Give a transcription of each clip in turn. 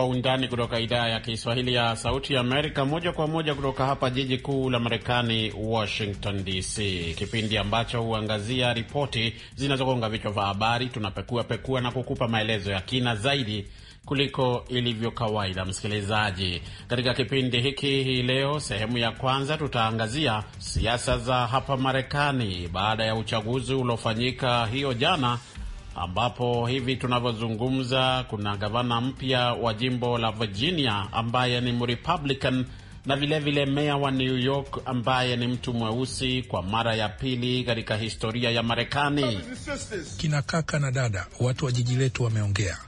Kwa Undani kutoka idhaa ya Kiswahili ya Sauti ya Amerika, moja kwa moja kutoka hapa jiji kuu la Marekani, Washington DC, kipindi ambacho huangazia ripoti zinazogonga vichwa vya habari. Tunapekua pekua na kukupa maelezo ya kina zaidi kuliko ilivyo kawaida. Msikilizaji, katika kipindi hiki hii leo, sehemu ya kwanza tutaangazia siasa za hapa Marekani baada ya uchaguzi uliofanyika hiyo jana ambapo hivi tunavyozungumza kuna gavana mpya wa jimbo la Virginia ambaye ni Mrepublican na vilevile meya wa New York ambaye ni mtu mweusi kwa mara ya pili katika historia ya Marekani. Kina kaka na dada, watu wa jiji letu wameongea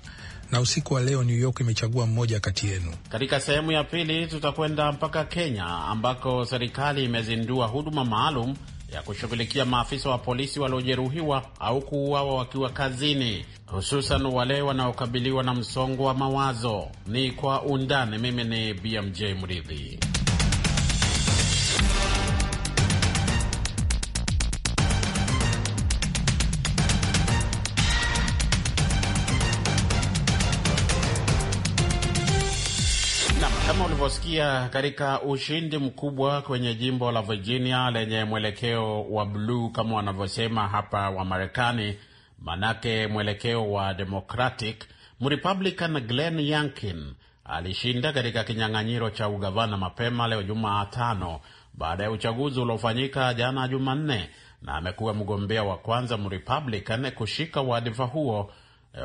na usiku wa leo New York imechagua mmoja kati yenu. Katika sehemu ya pili tutakwenda mpaka Kenya ambako serikali imezindua huduma maalum ya kushughulikia maafisa wa polisi waliojeruhiwa au kuuawa wakiwa kazini, hususan wale wanaokabiliwa na msongo wa mawazo. Ni kwa undani. Mimi ni BMJ Mridhi. Kama ulivyosikia katika ushindi mkubwa kwenye jimbo la Virginia lenye mwelekeo wa bluu kama wanavyosema hapa wa Marekani, manake mwelekeo wa Democratic, Mrepublican Glenn Youngkin alishinda katika kinyang'anyiro cha ugavana mapema leo Jumatano baada ya uchaguzi uliofanyika jana Jumanne, na amekuwa mgombea wa kwanza Mrepublican kushika wadhifa huo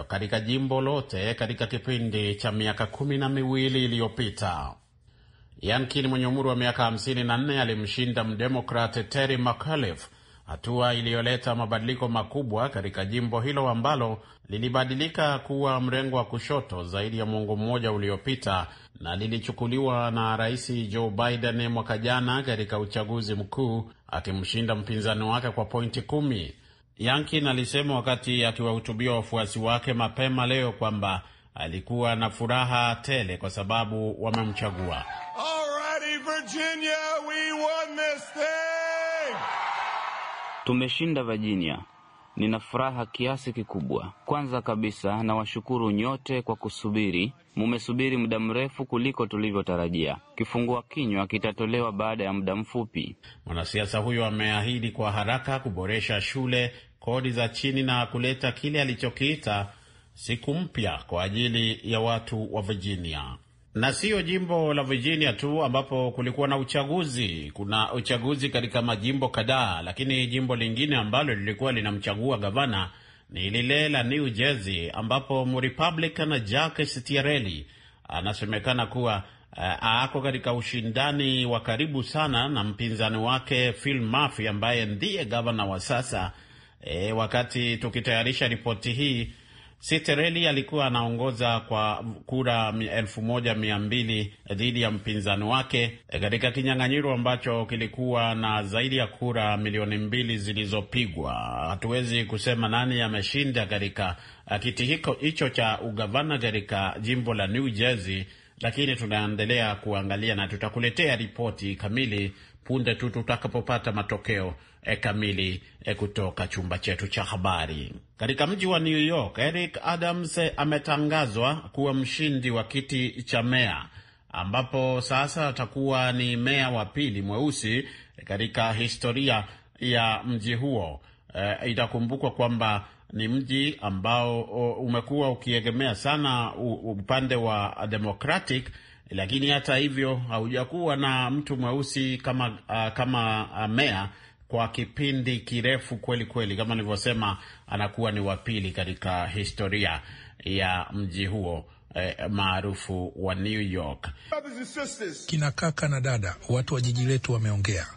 katika jimbo lote katika kipindi cha miaka kumi na miwili iliyopita. Yankin mwenye umri wa miaka 54 alimshinda mdemokrat Terry McAuliffe, hatua iliyoleta mabadiliko makubwa katika jimbo hilo ambalo lilibadilika kuwa mrengo wa kushoto zaidi ya mwongo mmoja uliopita na lilichukuliwa na Rais Joe Biden mwaka jana katika uchaguzi mkuu, akimshinda mpinzani wake kwa pointi kumi. Yankin alisema wakati akiwahutubia wafuasi wake mapema leo kwamba alikuwa na furaha tele kwa sababu wamemchagua. Tumeshinda Virginia. Nina furaha kiasi kikubwa. Kwanza kabisa, nawashukuru nyote kwa kusubiri. Mumesubiri muda mrefu kuliko tulivyotarajia. Kifungua kinywa kitatolewa baada ya muda mfupi. Mwanasiasa huyo ameahidi kwa haraka kuboresha shule, kodi za chini na kuleta kile alichokiita siku mpya kwa ajili ya watu wa Virginia. Na siyo jimbo la Virginia tu ambapo kulikuwa na uchaguzi. Kuna uchaguzi katika majimbo kadhaa, lakini jimbo lingine ambalo lilikuwa linamchagua gavana ni lile la New Jersey ambapo Mrepublican Jack Stiarelli anasemekana kuwa eh, ako katika ushindani wa karibu sana na mpinzani wake Phil Murphy ambaye ndiye gavana wa sasa E, wakati tukitayarisha ripoti hii Sitereli alikuwa anaongoza kwa kura elfu moja mia mbili dhidi ya mpinzani wake e, katika kinyang'anyiro ambacho kilikuwa na zaidi ya kura milioni mbili zilizopigwa. Hatuwezi kusema nani ameshinda katika kiti hicho cha ugavana katika jimbo la New Jersey, lakini tunaendelea kuangalia na tutakuletea ripoti kamili punde tu tutakapopata matokeo e, kamili e, kutoka chumba chetu cha habari. Katika mji wa New York, Eric Adams eh, ametangazwa kuwa mshindi wa kiti cha meya, ambapo sasa atakuwa ni meya wa pili mweusi katika historia ya mji huo. E, itakumbukwa kwamba ni mji ambao umekuwa ukiegemea sana upande wa Democratic, lakini hata hivyo haujakuwa na mtu mweusi kama, uh, kama uh, ah, meya kwa kipindi kirefu kweli kweli. Kama nilivyosema, anakuwa ni wa pili katika historia ya mji huo eh, maarufu wa New York. Kina kaka na dada, watu wa jiji letu wameongea,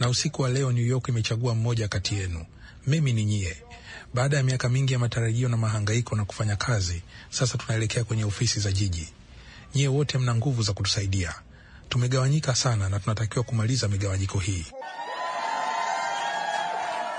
na usiku wa leo New York imechagua mmoja kati yenu. Mimi ni nyie. Baada ya miaka mingi ya matarajio na mahangaiko na kufanya kazi, sasa tunaelekea kwenye ofisi za jiji. Nyie wote mna nguvu za kutusaidia. Tumegawanyika sana na tunatakiwa kumaliza migawanyiko hii.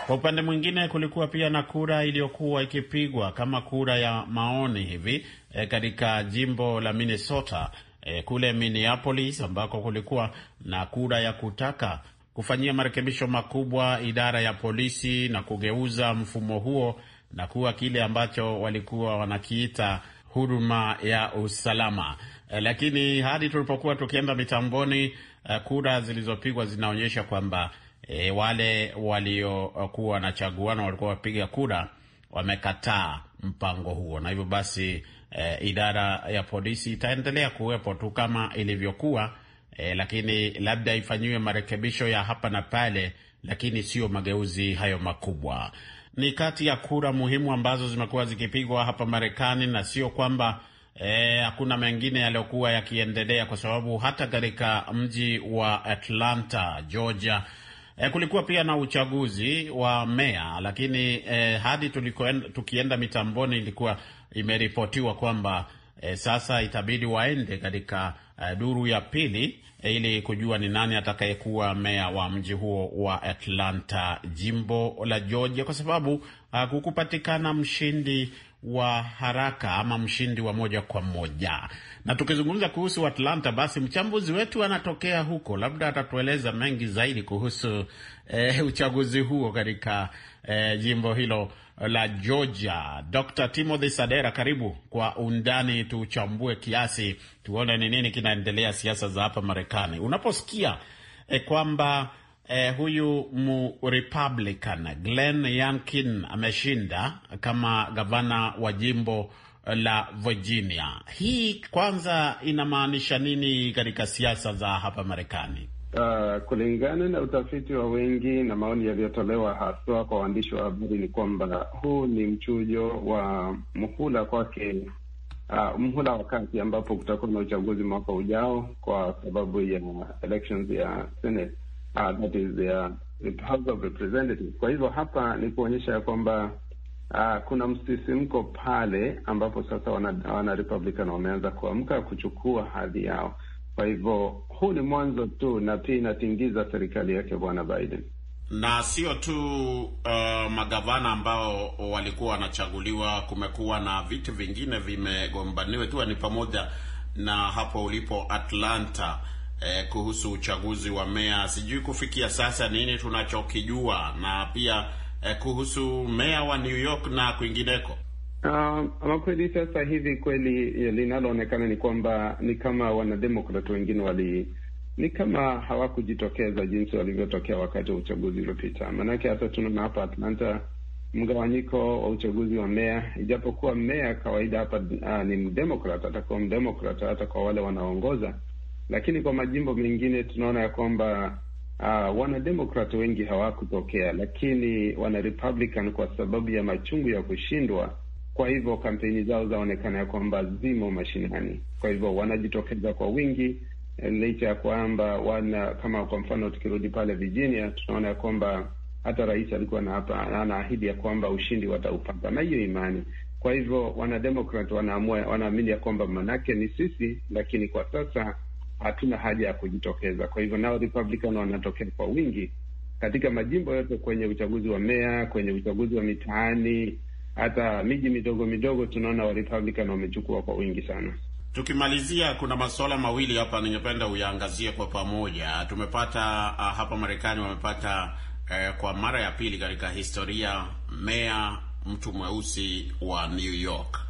Kwa upande mwingine, kulikuwa pia na kura iliyokuwa ikipigwa kama kura ya maoni hivi e, katika jimbo la Minnesota e, kule Minneapolis ambako kulikuwa na kura ya kutaka kufanyia marekebisho makubwa idara ya polisi na kugeuza mfumo huo na kuwa kile ambacho walikuwa wanakiita huduma ya usalama. E, lakini hadi tulipokuwa tukienda mitamboni, e, kura zilizopigwa zinaonyesha kwamba e, wale waliokuwa wanachaguana walikuwa wapiga kura wamekataa mpango huo, na hivyo basi e, idara ya polisi itaendelea kuwepo tu kama ilivyokuwa e, lakini labda ifanyiwe marekebisho ya hapa na pale, lakini sio mageuzi hayo makubwa. Ni kati ya kura muhimu ambazo zimekuwa zikipigwa hapa Marekani, na sio kwamba e, hakuna e, mengine yaliyokuwa yakiendelea, kwa sababu hata katika mji wa Atlanta, Georgia E, kulikuwa pia na uchaguzi wa meya, lakini e, hadi tulikoenda, tukienda mitamboni ilikuwa imeripotiwa kwamba e, sasa itabidi waende katika e, duru ya pili e, ili kujua ni nani atakayekuwa meya wa mji huo wa Atlanta, jimbo la Georgia, kwa sababu ah, kukupatikana mshindi wa haraka ama mshindi wa moja kwa moja. Na tukizungumza kuhusu Atlanta, basi mchambuzi wetu anatokea huko, labda atatueleza mengi zaidi kuhusu eh, uchaguzi huo katika eh, jimbo hilo la Georgia. Dr. Timothy Sadera, karibu kwa undani, tuchambue kiasi, tuone ni nini kinaendelea siasa za hapa Marekani. Unaposikia eh, kwamba eh, huyu Republican Glenn Youngkin ameshinda kama gavana wa jimbo la Virginia. Hii kwanza inamaanisha nini katika siasa za hapa Marekani? Uh, kulingana na utafiti wa wengi na maoni yaliyotolewa haswa kwa waandishi wa habari ni kwamba huu ni mchujo wa mhula kwake, uh, ah, mhula wakati ambapo kutakuwa na uchaguzi mwaka ujao kwa sababu ya elections ya Senate uh, that is uh, their House of Representatives. Kwa hivyo hapa ni kuonyesha ya kwamba uh, kuna msisimko pale ambapo sasa wana, wana Republican wameanza kuamka kuchukua hadhi yao. Kwa hivyo huu ni mwanzo tu, na pia inatingiza serikali yake bwana Biden na sio tu uh, magavana ambao walikuwa wanachaguliwa. Kumekuwa na vitu vingine vimegombaniwa, ikiwa ni pamoja na hapo ulipo Atlanta eh, kuhusu uchaguzi wa meya. Sijui kufikia sasa nini tunachokijua na pia eh, kuhusu meya wa New York na kwingineko. Uh, um, kweli sasa hivi kweli eh, linaloonekana ni kwamba ni kama wanademokrat wengine wali ni kama hawakujitokeza jinsi walivyotokea wakati wa uchaguzi uliopita. Maanake hata tunaona hapa Atlanta mgawanyiko wa uchaguzi wa meya, ijapokuwa meya kawaida hapa uh, ni mdemokrat, atakuwa mdemokrat hata kwa wale wanaoongoza lakini kwa majimbo mengine tunaona ya kwamba uh, wanademokrat wengi hawakutokea, lakini wanarepublican kwa sababu ya machungu ya kushindwa, kwa hivyo kampeni zao zaonekana ya kwamba zimo mashinani, kwa hivyo wanajitokeza kwa wingi eh, licha ya kwamba wana kama kwa mfano tukirudi pale Virginia tunaona ya kwamba hata rais alikuwa na hapa anaahidi ya kwamba ushindi wataupata na hiyo imani. Kwa hivyo wanademokrat wanaamua, wanaamini ya kwamba manake ni sisi, lakini kwa sasa hatuna haja ya kujitokeza. Kwa hivyo nao Republican wanatokea kwa wingi katika majimbo yote, kwenye uchaguzi wa meya, kwenye uchaguzi wa mitaani, hata miji midogo midogo, tunaona wa Republican wamechukua kwa wingi sana. Tukimalizia, kuna masuala mawili hapa ningependa uyaangazie kwa pamoja. Tumepata ah, hapa Marekani wamepata eh, kwa mara ya pili katika historia meya mtu mweusi wa New York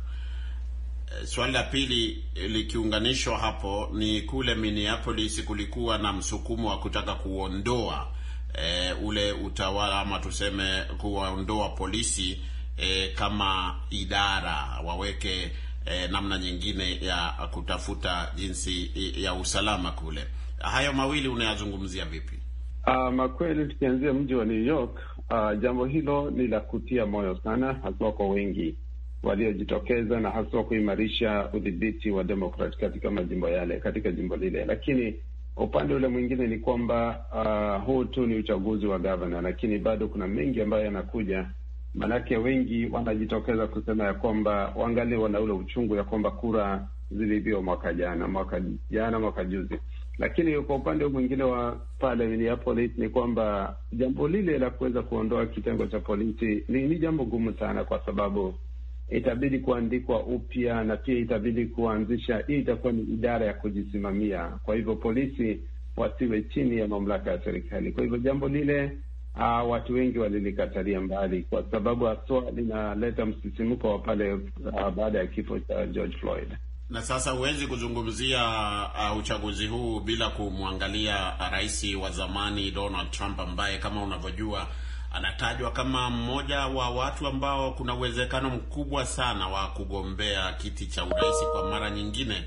Eh, swali la pili eh, likiunganishwa hapo ni kule Minneapolis, kulikuwa na msukumo wa kutaka kuondoa e, ule utawala ama tuseme kuwaondoa polisi e, kama idara waweke e, namna nyingine ya kutafuta jinsi ya usalama kule. Hayo mawili unayazungumzia vipi? Uh, makweli tukianzia mji wa New York, uh, jambo hilo ni la kutia moyo sana, hasa kwa wengi waliojitokeza na haswa kuimarisha udhibiti wa Demokrat katika majimbo yale, katika jimbo lile. Lakini upande ule mwingine ni kwamba uh, huu tu ni uchaguzi wa gavana, lakini bado kuna mengi ambayo yanakuja, maanake wengi wanajitokeza kusema ya kwamba wangali wana ule uchungu ya kwamba kura zilivyo mwaka jana, mwaka jana, mwaka juzi. Lakini kwa upande mwingine wa pale Minneapolis ni kwamba jambo lile la kuweza kuondoa kitengo cha polisi ni, ni jambo gumu sana kwa sababu itabidi kuandikwa upya na pia itabidi kuanzisha, hii itakuwa ni idara ya kujisimamia. Kwa hivyo polisi wasiwe chini ya mamlaka ya serikali. Kwa hivyo jambo lile uh, watu wengi walilikatalia mbali, kwa sababu haswa linaleta msisimko wa pale uh, baada ya kifo cha George Floyd. Na sasa huwezi kuzungumzia uh, uchaguzi huu bila kumwangalia rais wa zamani Donald Trump ambaye kama unavyojua anatajwa kama mmoja wa watu ambao kuna uwezekano mkubwa sana wa kugombea kiti cha urais kwa mara nyingine.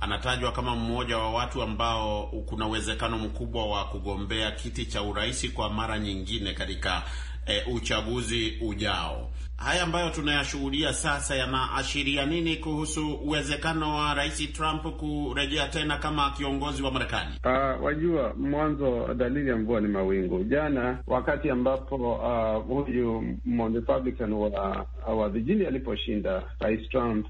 Anatajwa kama mmoja wa watu ambao kuna uwezekano mkubwa wa kugombea kiti cha urais kwa mara nyingine katika e, uchaguzi ujao haya ambayo tunayashuhudia sasa yanaashiria nini kuhusu uwezekano wa Rais Trump kurejea tena kama kiongozi wa Marekani? Uh, wajua, mwanzo dalili ya mvua ni mawingu. Jana wakati ambapo uh, huyu Republican wa, wa Virginia aliposhinda Rais Trump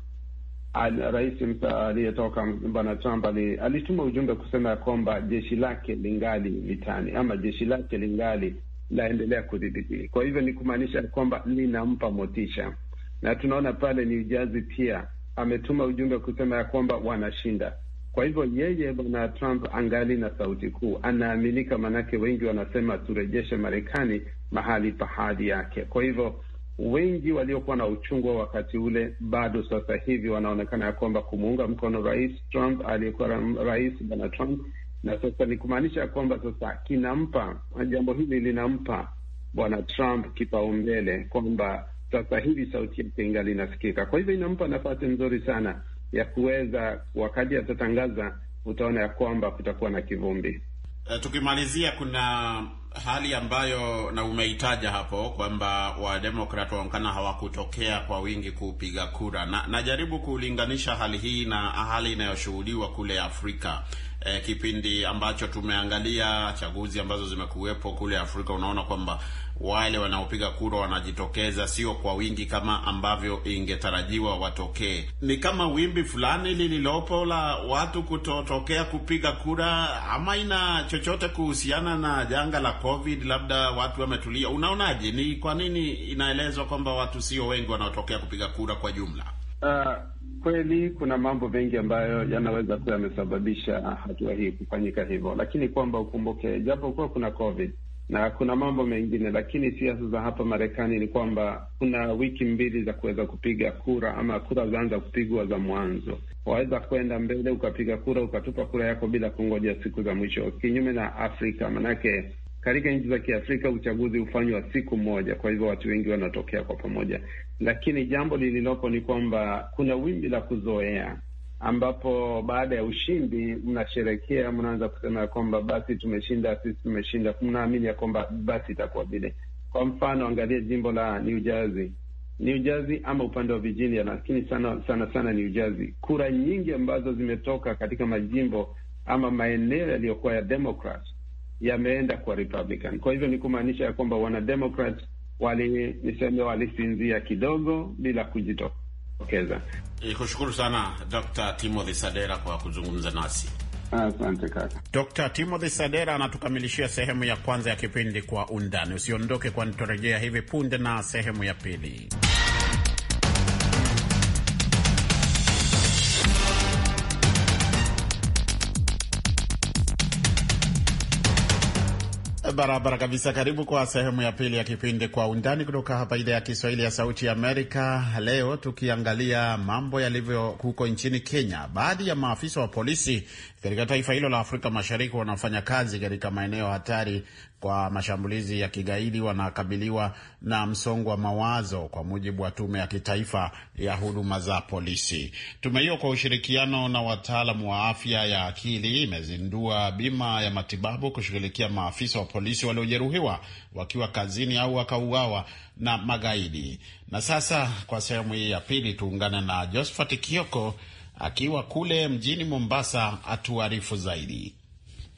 Al, rais msa aliyetoka bwana Trump ali, alituma ujumbe kusema ya kwamba jeshi lake lingali vitani ama jeshi lake lingali laendelea kudhibiti. Kwa hivyo ni kumaanisha kwamba linampa motisha, na tunaona pale ni ujazi pia ametuma ujumbe kusema ya kwamba wanashinda. Kwa hivyo yeye, bwana Trump angali na sauti kuu, anaaminika, maanake wengi wanasema turejeshe Marekani mahali pa hadhi yake. Kwa hivyo wengi waliokuwa na uchungu wa wakati ule bado sasa hivi wanaonekana ya kwamba kumuunga mkono rais Trump, aliyekuwa rais bwana Trump na sasa ni kumaanisha kwamba sasa kinampa jambo hili linampa bwana Trump kipaumbele kwamba sasa hivi sauti yake ingali inasikika. Kwa hivyo inampa nafasi nzuri sana ya kuweza, wakati atatangaza, utaona ya kwamba kutakuwa na kivumbi. E, tukimalizia kuna hali ambayo na umeitaja hapo kwamba Wademokrat waonekana hawakutokea kwa wingi kupiga kura, na najaribu kulinganisha hali hii na hali inayoshuhudiwa kule Afrika. E, kipindi ambacho tumeangalia chaguzi ambazo zimekuwepo kule Afrika, unaona kwamba wale wanaopiga kura wanajitokeza, sio kwa wingi kama ambavyo ingetarajiwa watokee. Ni kama wimbi fulani lililopo la watu kutotokea kupiga kura, ama ina chochote kuhusiana na janga la COVID? Labda watu wametulia. Unaonaje, ni kwa nini inaelezwa kwamba watu sio wengi wanaotokea kupiga kura kwa jumla? Uh, kweli kuna mambo mengi ambayo yanaweza kuwa yamesababisha hatua hii kufanyika hivyo, lakini kwamba ukumbuke, japokuwa kuna COVID na kuna mambo mengine, lakini siasa za hapa Marekani ni kwamba kuna wiki mbili za kuweza kupiga kura, ama kura zaanza kupigwa za mwanzo. Waweza kwenda mbele ukapiga kura ukatupa kura yako bila kungoja siku za mwisho, kinyume na Afrika. Manake katika nchi za Kiafrika uchaguzi hufanywa siku moja, kwa hivyo watu wengi wanatokea kwa pamoja. Lakini jambo lililopo ni kwamba kuna wimbi la kuzoea ambapo baada ya ushindi mnasherekea, mnaanza kusema ya kwamba basi tumeshinda, sisi tumeshinda. Mnaamini ya kwamba basi itakuwa vile. Kwa mfano, angalia jimbo la New Jersey. New Jersey ama upande wa Virginia, lakini sana sana sana New Jersey, kura nyingi ambazo zimetoka katika majimbo ama maeneo yaliyokuwa ya Democrat yameenda kwa Republican. Kwa hivyo ni kumaanisha ya kwamba wana Democrat wali niseme walisinzia kidogo bila kujitoka kujitokeza. Nikushukuru sana Dr. Timothy Sadera kwa kuzungumza nasi. Asante kaka. Dr. Timothy Sadera anatukamilishia sehemu ya kwanza ya kipindi kwa undani. Usiondoke kwani tutarejea hivi punde na sehemu ya pili. Barabara kabisa. Karibu kwa sehemu ya pili ya kipindi Kwa Undani kutoka hapa idhaa ya Kiswahili ya Sauti ya Amerika, leo tukiangalia mambo yalivyo huko nchini Kenya. Baadhi ya maafisa wa polisi katika taifa hilo la Afrika Mashariki wanafanya kazi katika maeneo hatari kwa mashambulizi ya kigaidi wanakabiliwa na msongo wa mawazo, kwa mujibu wa Tume ya Kitaifa ya Huduma za Polisi. Tume hiyo kwa ushirikiano na wataalamu wa afya ya akili imezindua bima ya matibabu kushughulikia maafisa wa polisi waliojeruhiwa wakiwa kazini au wakauawa na magaidi. Na sasa kwa sehemu hii ya pili tuungane na Josphat Kioko akiwa kule mjini Mombasa atuarifu zaidi.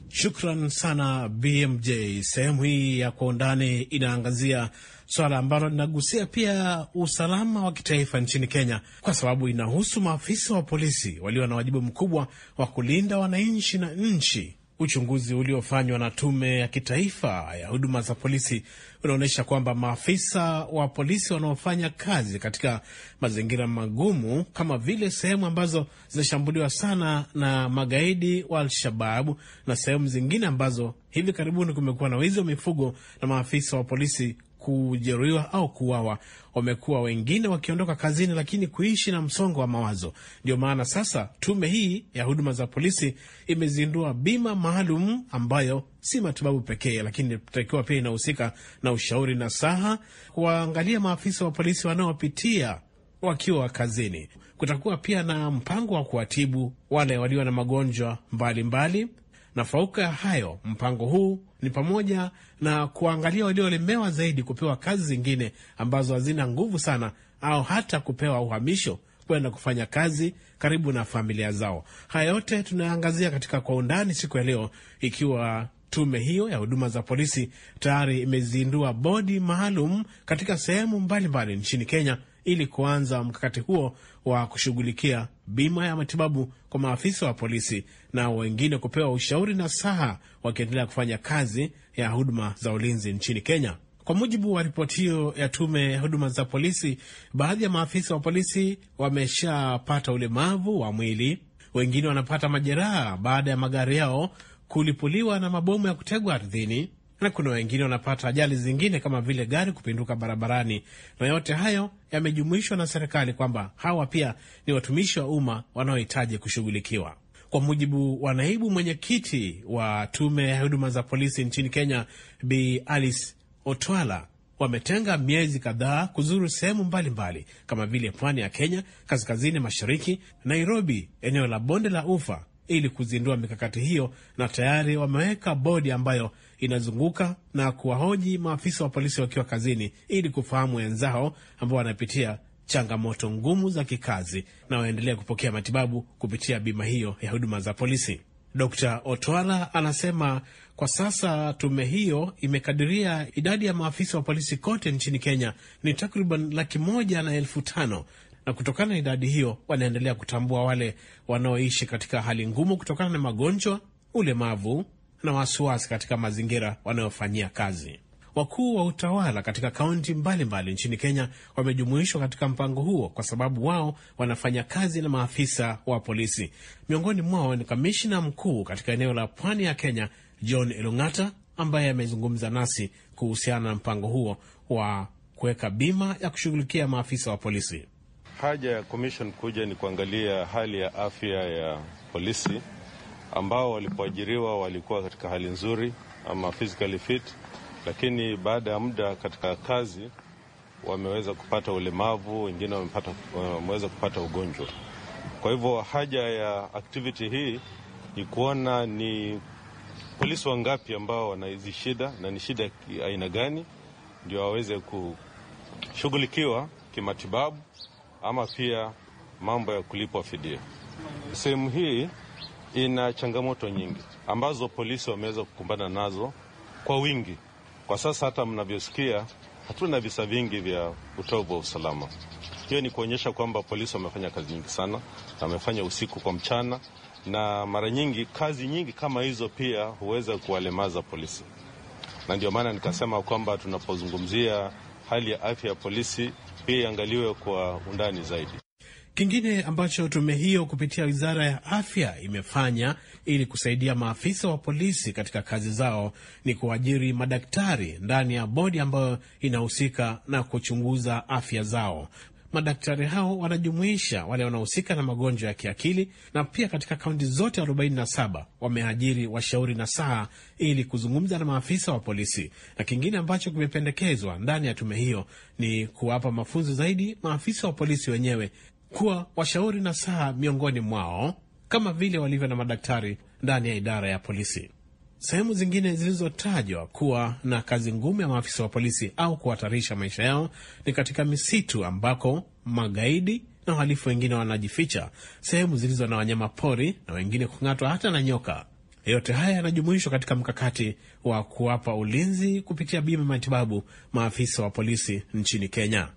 Shukran sana BMJ. Sehemu hii ya kwa undani inaangazia swala ambalo linagusia pia usalama wa kitaifa nchini Kenya, kwa sababu inahusu maafisa wa polisi walio na wajibu mkubwa wa kulinda wananchi na nchi Uchunguzi uliofanywa na Tume ya Kitaifa ya Huduma za Polisi unaonyesha kwamba maafisa wa polisi wanaofanya kazi katika mazingira magumu kama vile sehemu ambazo zinashambuliwa sana na magaidi wa Al-Shababu na sehemu zingine ambazo hivi karibuni kumekuwa na wizi wa mifugo na maafisa wa polisi kujeruhiwa au kuuawa, wamekuwa wengine wakiondoka kazini, lakini kuishi na msongo wa mawazo. Ndio maana sasa tume hii ya huduma za polisi imezindua bima maalum ambayo si matibabu pekee, lakini takiwa pia inahusika na ushauri na saha, kuwaangalia maafisa wa polisi wanaopitia wakiwa kazini. Kutakuwa pia na mpango wa kuwatibu wale walio na magonjwa mbalimbali mbali. Na fauka ya hayo, mpango huu ni pamoja na kuangalia waliolemewa zaidi kupewa kazi zingine ambazo hazina nguvu sana au hata kupewa uhamisho kwenda kufanya kazi karibu na familia zao. Haya yote tunaangazia katika kwa undani siku ya leo, ikiwa tume hiyo ya huduma za polisi tayari imezindua bodi maalum katika sehemu mbalimbali nchini Kenya ili kuanza mkakati huo wa kushughulikia bima ya matibabu kwa maafisa wa polisi na wengine kupewa ushauri na saha wakiendelea kufanya kazi ya huduma za ulinzi nchini Kenya. Kwa mujibu wa ripoti hiyo ya tume ya huduma za polisi, baadhi ya maafisa wa polisi wameshapata ulemavu wa mwili, wengine wanapata majeraha baada ya magari yao kulipuliwa na mabomu ya kutegwa ardhini na kuna wengine wanapata ajali zingine kama vile gari kupinduka barabarani, na yote hayo yamejumuishwa na serikali kwamba hawa pia ni watumishi wa umma wanaohitaji kushughulikiwa. Kwa mujibu wa naibu mwenyekiti wa tume ya huduma za polisi nchini Kenya, Bi Alice Otwala, wametenga miezi kadhaa kuzuru sehemu mbalimbali kama vile pwani ya Kenya, kaskazini mashariki, Nairobi, eneo la bonde la Ufa, ili kuzindua mikakati hiyo, na tayari wameweka bodi ambayo inazunguka na kuwahoji maafisa wa polisi wakiwa kazini ili kufahamu wenzao ambao wanapitia changamoto ngumu za kikazi na waendelea kupokea matibabu kupitia bima hiyo ya huduma za polisi. d Otwala anasema kwa sasa tume hiyo imekadiria idadi ya maafisa wa polisi kote nchini Kenya ni takriban laki moja na elfu tano na kutokana na idadi hiyo wanaendelea kutambua wale wanaoishi katika hali ngumu kutokana na magonjwa, ulemavu na wasiwasi katika mazingira wanayofanyia kazi. Wakuu wa utawala katika kaunti mbalimbali nchini Kenya wamejumuishwa katika mpango huo kwa sababu wao wanafanya kazi na maafisa wa polisi. Miongoni mwao ni kamishna mkuu katika eneo la pwani ya Kenya, John Elung'ata, ambaye amezungumza nasi kuhusiana na mpango huo wa kuweka bima ya kushughulikia maafisa wa polisi. Haja ya commission kuja ni kuangalia hali ya afya ya polisi ambao walipoajiriwa walikuwa katika hali nzuri ama physically fit, lakini baada ya muda katika kazi wameweza kupata ulemavu, wengine wamepata, wameweza kupata ugonjwa. Kwa hivyo haja ya activity hii ni kuona ni polisi wangapi ambao wanahizi shida na ni shida aina gani, ndio waweze kushughulikiwa kimatibabu ama pia mambo ya kulipwa fidia. Sehemu hii ina changamoto nyingi ambazo polisi wameweza kukumbana nazo kwa wingi. Kwa sasa hata mnavyosikia, hatuna visa vingi vya utovu wa usalama. Hiyo ni kuonyesha kwamba polisi wamefanya kazi nyingi sana na wamefanya usiku kwa mchana, na mara nyingi kazi nyingi kama hizo pia huweza kuwalemaza polisi, na ndio maana nikasema kwamba tunapozungumzia hali ya afya ya polisi pia iangaliwe kwa undani zaidi. Kingine ambacho tume hiyo kupitia wizara ya afya imefanya ili kusaidia maafisa wa polisi katika kazi zao ni kuajiri madaktari ndani ya bodi ambayo inahusika na kuchunguza afya zao. Madaktari hao wanajumuisha wale wanaohusika na magonjwa ya kiakili, na pia katika kaunti zote 47 wameajiri washauri na saa ili kuzungumza na maafisa wa polisi. Na kingine ambacho kimependekezwa ndani ya tume hiyo ni kuwapa mafunzo zaidi maafisa wa polisi wenyewe kuwa washauri na saa miongoni mwao kama vile walivyo na madaktari ndani ya idara ya polisi. Sehemu zingine zilizotajwa kuwa na kazi ngumu ya maafisa wa polisi au kuhatarisha maisha yao ni katika misitu ambako magaidi na wahalifu wengine wanajificha, sehemu zilizo na wanyama pori na wengine kung'atwa hata na nyoka. Yote haya yanajumuishwa katika mkakati wa kuwapa ulinzi kupitia bima matibabu maafisa wa polisi nchini Kenya.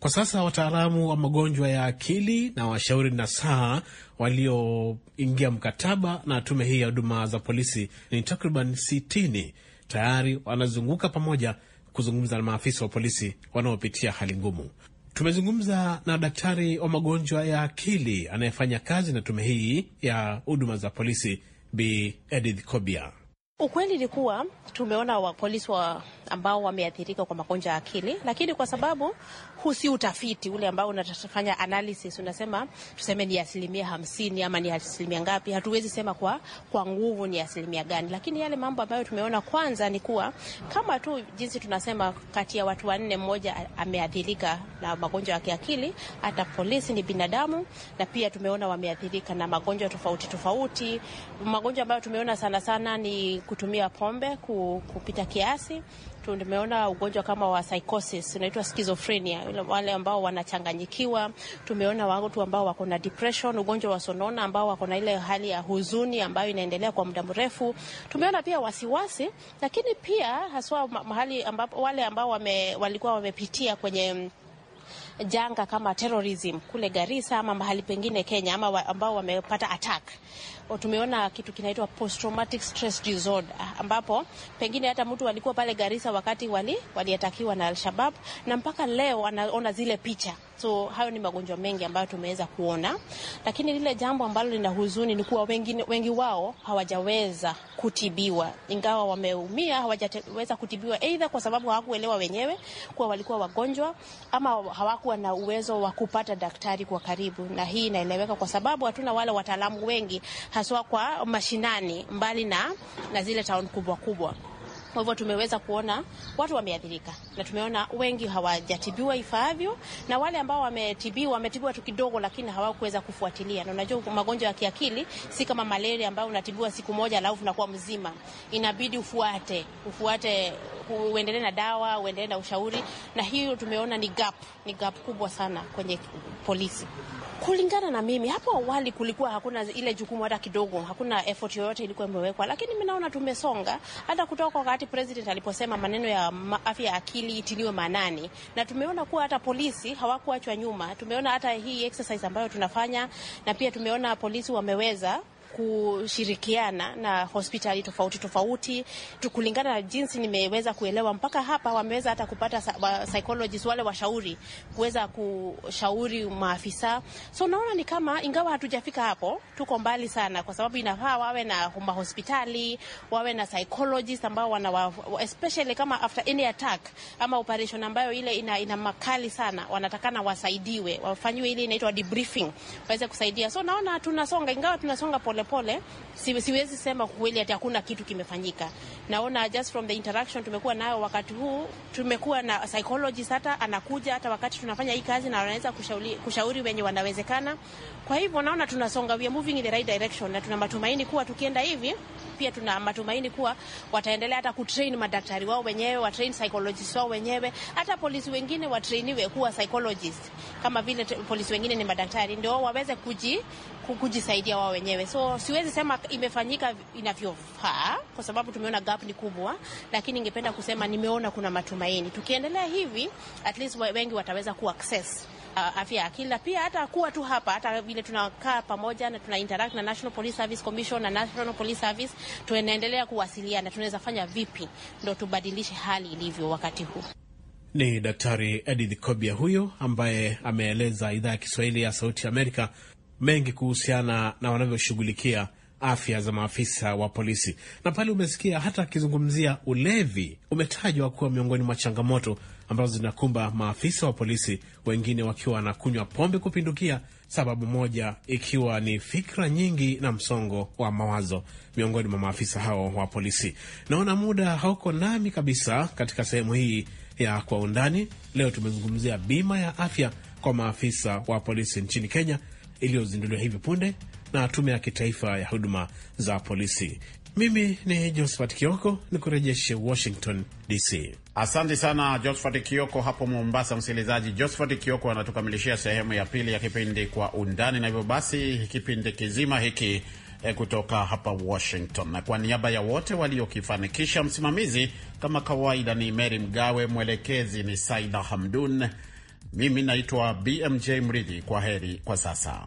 Kwa sasa wataalamu wa magonjwa ya akili na washauri saa walioingia mkataba na tume hii ya huduma za polisi ni takriban sitini tayari wanazunguka pamoja kuzungumza na maafisa wa polisi wanaopitia hali ngumu. Tumezungumza na daktari wa magonjwa ya akili anayefanya kazi na tume hii ya huduma za polisi, Bi Edith Kobia. Ukweli ni kuwa tumeona wapolisi wa ambao wameathirika kwa magonjwa ya akili, lakini kwa sababu huu si utafiti ule ambao unafanya analysis, unasema tuseme ni asilimia hamsini ama ni asilimia ngapi, hatuwezi sema kwa, kwa nguvu ni asilimia gani, lakini yale mambo ambayo tumeona kwanza ni kuwa kama tu jinsi tunasema kati ya watu wanne mmoja ameathirika na magonjwa ya kiakili. Hata polisi ni binadamu, na pia tumeona wameathirika na magonjwa tofauti tofauti. Magonjwa ambayo tumeona sana sana ni kutumia pombe kupita kiasi watu tumeona ugonjwa kama wa psychosis unaitwa schizophrenia, wale ambao wanachanganyikiwa. Tumeona watu ambao wako na depression, ugonjwa wa sonona, ambao wako na ile hali ya huzuni ambayo inaendelea kwa muda mrefu. Tumeona pia wasiwasi, lakini pia haswa mahali ambapo wale ambao wame, walikuwa wamepitia kwenye janga kama terrorism kule Garissa ama mahali pengine Kenya ama wa, ambao wamepata attack. Tumeona kitu kinaitwa post traumatic stress disorder ambapo pengine hata mtu alikuwa pale Garissa wakati waliatakiwa na al na mpaka leo anaona zile picha So hayo ni magonjwa mengi ambayo tumeweza kuona, lakini lile jambo ambalo lina huzuni ni kuwa wengi, wengi wao hawajaweza kutibiwa, ingawa wameumia, hawajaweza kutibiwa aidha kwa sababu hawakuelewa wenyewe kuwa walikuwa wagonjwa ama hawakuwa na uwezo wa kupata daktari kwa karibu, na hii inaeleweka kwa sababu hatuna wale wataalamu wengi haswa kwa mashinani, mbali na, na zile town kubwa kubwa. Kwa hivyo tumeweza kuona watu wameathirika, na tumeona wengi hawajatibiwa ifaavyo, na wale ambao wametibiwa wametibiwa tu kidogo, lakini hawakuweza kufuatilia. Na unajua magonjwa ya kiakili si kama malaria ambayo unatibiwa siku moja alafu unakuwa mzima, inabidi ufuate ufuate uendelee na dawa uendelee na ushauri, na hiyo tumeona ni gap, ni gap kubwa sana kwenye polisi. Kulingana na mimi, hapo awali kulikuwa hakuna ile jukumu hata kidogo, hakuna effort yoyote ilikuwa imewekwa, lakini mimi naona tumesonga hata kutoka wakati wakati president aliposema maneno ya afya ya akili itiliwe maanani, na tumeona kuwa hata polisi hawakuachwa nyuma. Tumeona hata hii exercise ambayo tunafanya, na pia tumeona polisi wameweza kushirikiana na hospitali tofauti tofauti, tukulingana na jinsi nimeweza kuelewa mpaka hapa. Wameweza hata kupata psychologists wale washauri kuweza kushauri maafisa. So naona ni kama ingawa hatujafika hapo, tuko mbali sana, kwa sababu inafaa wawe na hospitali, wawe na psychologists ambao wana especially kama after any attack ama operation ambayo ile ina, ina makali sana, wanatakana wasaidiwe, wafanyiwe ile inaitwa debriefing, waweze kusaidia. So naona tunasonga, ingawa tunasonga pole polepole, siwezi sema kweli hati hakuna kitu kimefanyika. Naona just from the interaction tumekuwa nayo wakati huu, tumekuwa na psychologist hata anakuja hata wakati tunafanya hii kazi, na anaweza kushauri, kushauri wenye wanawezekana. Kwa hivyo naona tunasonga, we are moving in the right direction, na tuna matumaini kuwa tukienda hivi pia tuna matumaini kuwa wataendelea hata kutrain madaktari wao wenyewe, watrain psychologists wao wenyewe, hata polisi wengine watrainiwe kuwa psychologist kama vile polisi wengine ni madaktari, ndio waweze kuji kujisaidia wao wenyewe. So siwezi sema imefanyika inavyofaa kwa sababu tumeona gap ni kubwa, lakini ningependa kusema nimeona kuna matumaini. Tukiendelea hivi, at least wengi wataweza ku access uh, afya ya akili, na pia hata kuwa tu hapa, hata vile tunakaa pamoja na tuna interact na National Police Service Commission na National Police Service, tunaendelea kuwasiliana, tunaweza fanya vipi ndo tubadilishe hali ilivyo wakati huu. Ni Daktari Edith Kobia huyo ambaye ameeleza idhaa ya Kiswahili ya Sauti ya Amerika mengi kuhusiana na wanavyoshughulikia afya za maafisa wa polisi, na pale umesikia hata akizungumzia ulevi umetajwa kuwa miongoni mwa changamoto ambazo zinakumba maafisa wa polisi, wengine wakiwa wanakunywa pombe kupindukia, sababu moja ikiwa ni fikra nyingi na msongo wa mawazo miongoni mwa maafisa hao wa polisi. Naona muda hauko nami kabisa katika sehemu hii ya kwa undani. Leo tumezungumzia bima ya afya kwa maafisa wa polisi nchini Kenya iliyozinduliwa hivi punde na Tume ya Kitaifa ya Huduma za Polisi. Mimi ni Josephat Kioko, ni kurejeshe Washington DC. Asante sana Josephat Kioko hapo Mombasa. Msikilizaji, Josephat Kioko anatukamilishia sehemu ya pili ya kipindi Kwa Undani, na hivyo basi kipindi kizima hiki e, kutoka hapa Washington, na kwa niaba ya wote waliokifanikisha, msimamizi kama kawaida ni Mary Mgawe, mwelekezi ni Saida Hamdun, mimi naitwa BMJ Mridhi. Kwa heri kwa sasa.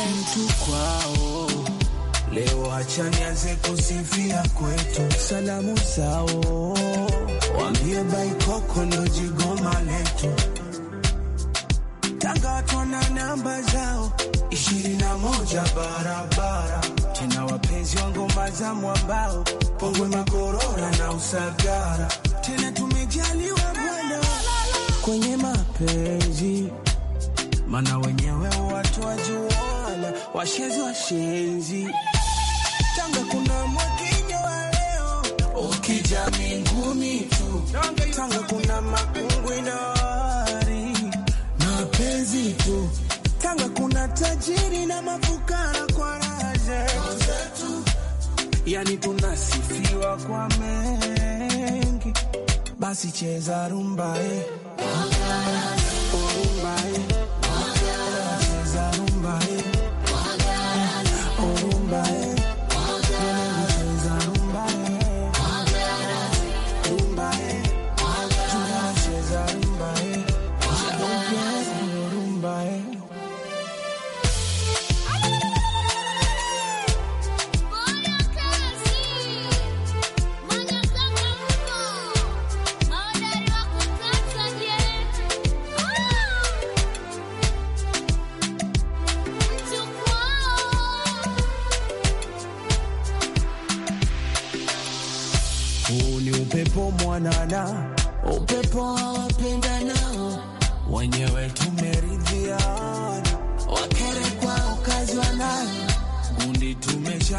kitu kwao leo, acha nianze kusifia kwetu, salamu zao wambie baikoko ndo jigoma letu, Tanga watu na namba zao ishirini na moja barabara tena, wapenzi wa ngoma za mwambao, Pongwe, Magorora na Usagara, tena tumejaliwa bwana kwenye mapenzi, mana wenyewe watu wajuo washenzi washenzi, tanga kuna mwakinyo wa leo, ukija mingumi tu tanga kuna makungwinari na penzi tu tanga kuna tajiri na mafukara kwa raje, yani tunasifiwa kwa mengi, basi cheza rumba eh.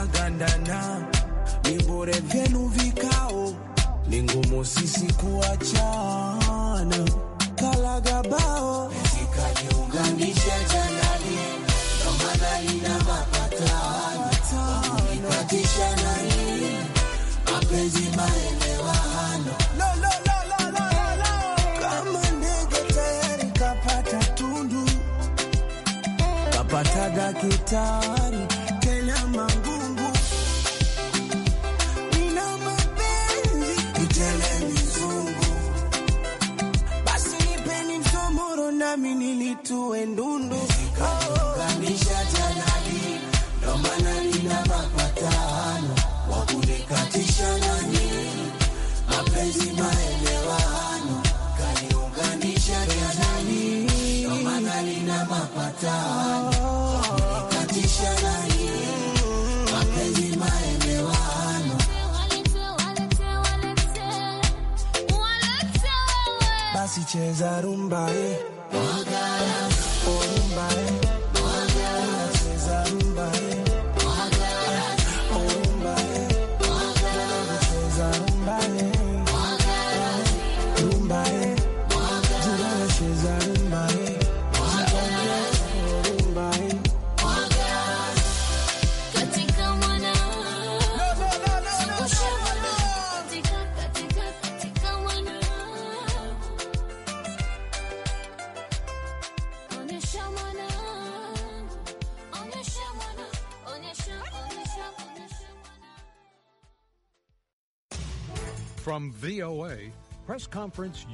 mtagandana, ni bure vyenu vikao, ni ngumu sisi kuachana. Kalagabao zikaniunganisha janani, ndo maana lina mapatano kukatisha nani, mapenzi maelewano pata daktari tuwe ndundu kanisha janani, ndo maana nina mapatano wakunikatisha nani, mapenzi maelewano kaniunganisha janani, ndo maana nina mapatano basi cheza rumba eh. Oh, From VOA, Press Conference